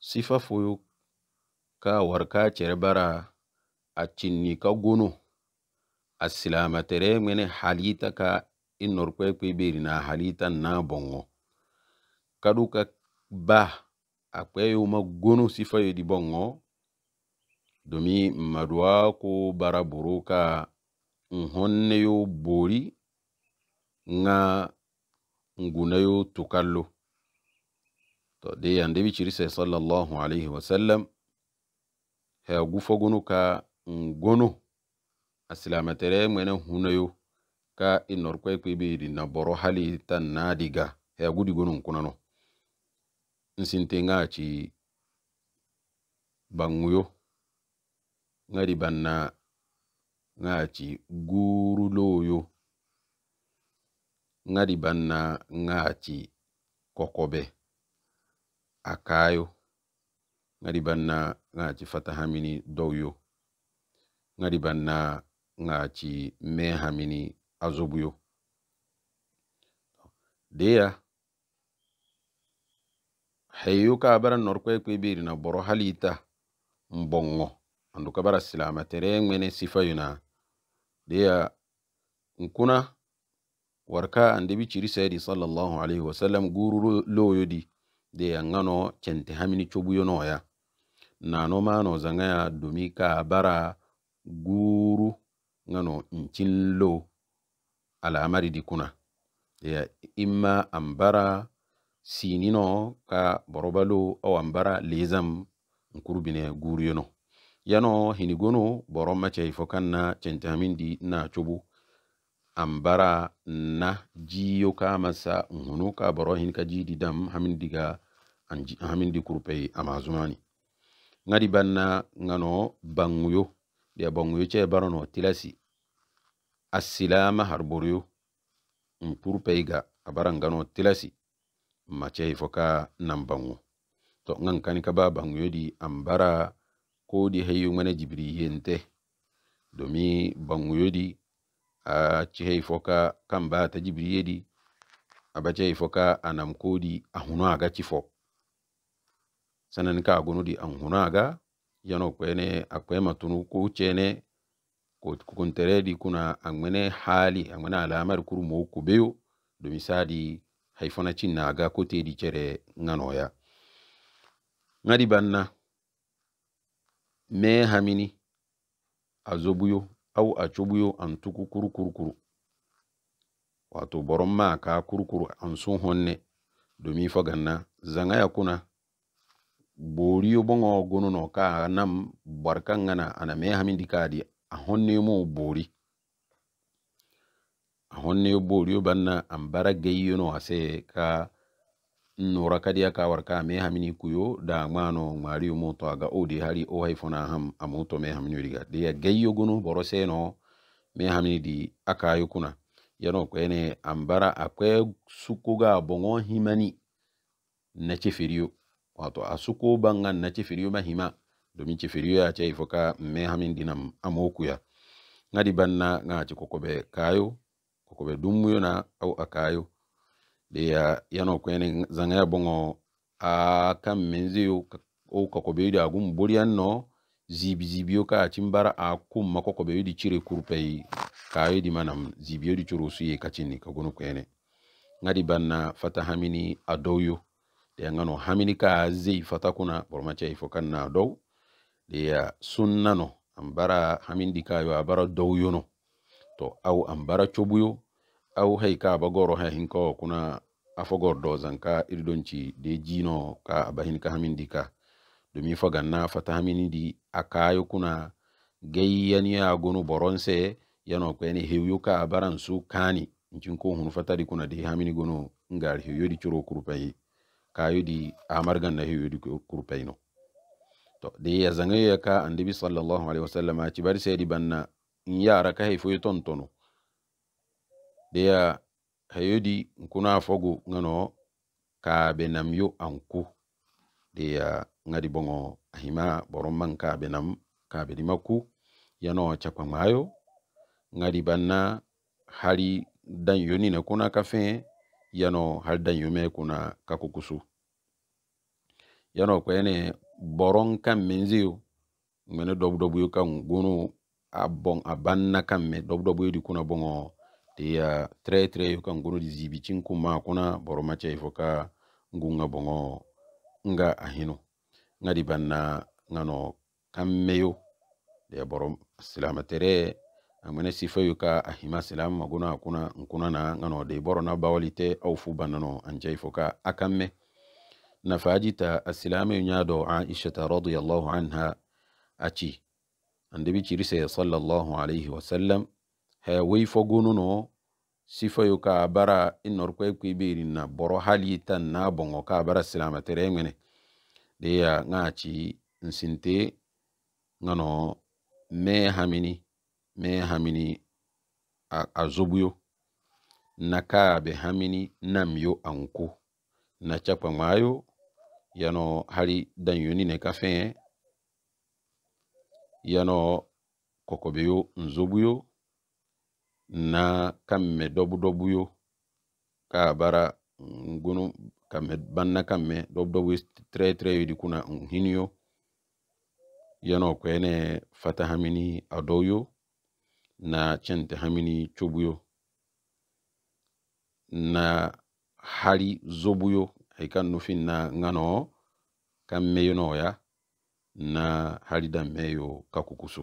sifa ka ka warka bara a cinni ka gono a silamatere mene halita ka i beri na halita na bongo kadu ka ba a kweyo ma gono yu di bongo domi maduwa ko bara boro ka nhonneyo bori ŋa ngunayo tukallo to de andebi cirise sallallahu alaihi wa sallam, ha hea gufogunu ka ngono asilamatere mwene hunayo ka inorkwekwe biri na boro hali tan nadiga hea gudi gonu nkunano nsinte nga ci banguyo ngari banna nga ci guruloyo ngari banna nga ci kokobe akayo ŋadi banna ŋa ci fata hamini dow yo banna ŋa ci me hamini azobu yo deya hayo ka bara norkwekwe biri na boro halita mbongo andu ka bara silama tere ŋmene sifa yo deya nkuna warka andebi ciri sayidi sallallahu alaihi wasallam gururu loyo di de yangano chente hamini chobuyo noya nano mano ya dumika bara guru ngano nchinlo alamari di kuna ya imma ambara sinino ka borobalo au ambara lezam nkurubine guru yono yano hinigono boroma chai chente hamindi na chobu ambara na jiyo kamasa hunuka borohin ka jidi dam hamin diga hamin di kurpei amazumani ngadi banna ngano banguyo de banguyo che barono tilasi assilama harboryo um kurpei ga abara ngano tilasi mache foka nam bangu to ngan kani ka ba banguyo di ambara ko di hayu mane jibri yente domi banguyo di a acihe foka kamba a yedi abace foka a ga cifo sanan ka a gunu di yana gonodi anhunaga yano ko akwema tunu kucene di kuna angwene hali angwene alamar kuru ku biyu domin sadi haifona ga ko di cere ya ngadi banna me hamini zobuyo au a cubuyo an tuku kurkurkuru wato boron ma ka kurkuru an sun honne domi faganna zanga ya kuna boriyo bongo gono no ka nam barkan ngana ana me hamindi kadi a honne mo bori a honne boriyo banna an bara gayyo no ase ka nora kawar ka warka me hamini kuyo da mano ngmariyo moto aga odi hari o hay fona ham amoto me hamini riga de ya gayyo gono boroseno me hamini di akayo kuna yano kwene ambara akwe sukuga bongo himani na chefiriyo wato asuko bangan na chefiriyo mahima domin chefiriyo ya ce ifoka me hamini dinam ya ngadi banna ngachi kokobe kayo kokobe dumuyo na au akayo ɗiya yano kwene zangaya bongo a kam menzi o ka ko ɓe yiɗi agum buri an no zibi zibi o ka a cimbara a kumma ko ko ɓe yiɗi cire kurpey ka yiɗi manam zibi yiɗi curo suye kacinni ka gono kwene ngadi banna fata hamini a dowyo ɗiya ngano hamini ka a zei fata kuna ɓormaci ay fo kanna a dow ɗiya sunnano an bara hamindi kayo a bara dowyono to aw an bara coɓuyo aw hay ka aba goro hay hin ko kuna afogor dozan ka iri don ci de jino ka aba hin ka hamin di ka domi fagan na fata hamin di akayo kuna gay yani ya gonu boronse yano ko ene hewyo ka baran su kani cin ko hun fata di kuna de hamin gonu ngar hewyo di churo kurpay ka yudi amar gan na hewyo di kurpay no to de ya zanga ya ka andibi sallallahu alaihi wasallam a ci bari sayidi banna in yara ka hay fuyu tontono dia hayodi nkuna fogo ngano ka benam nam yo anku dia ngadi bongo ahima boromman ka benam ka be dimaku yano chakwa mayo ngadi banna hali dan yoni na kuna kafe yano hal dan yume kuna kakukusu yano kwene boron kan menziyo mene dobu dobu yo kan gunu abon abanna kam me dobu yo di kuna bongo tiya tre tre yoka nguru dizibi chinkuma kuna boromacha ifoka ngunga bongo nga ahino nga dibanna ngano kammeyo de borom silama tere amene sifa yoka ahima silama maguna akuna nkuna na ngano de borona bawalite au fubanano anja ifoka akamme nafajita asilama yunyado aisha radiyallahu anha achi andibi chirise sallallahu alayhi wasallam he wei fo no sifa ka bara inor kwe kwe na boro hali tan na bongo ka bara silama tere ngene de ya ngachi nsinte ngano me hamini me hamini azobuyo na ka be hamini namyo anko na chapa mayo yano hali danyoni ne kafe yano kokobeyo nzobuyo na kamme dɔbu-dɔbu yo ka bara ngunu kamme banna kammɛ dɔbu-dɔbu trɛ-trɛ yo di kuna nhini yo yana kwene fata hamini adɔw yo na chente hamini cobu yo na hali zobu yo haika nufin na ŋanɔ kamme yo ya na hali danmɛ yo kakukuso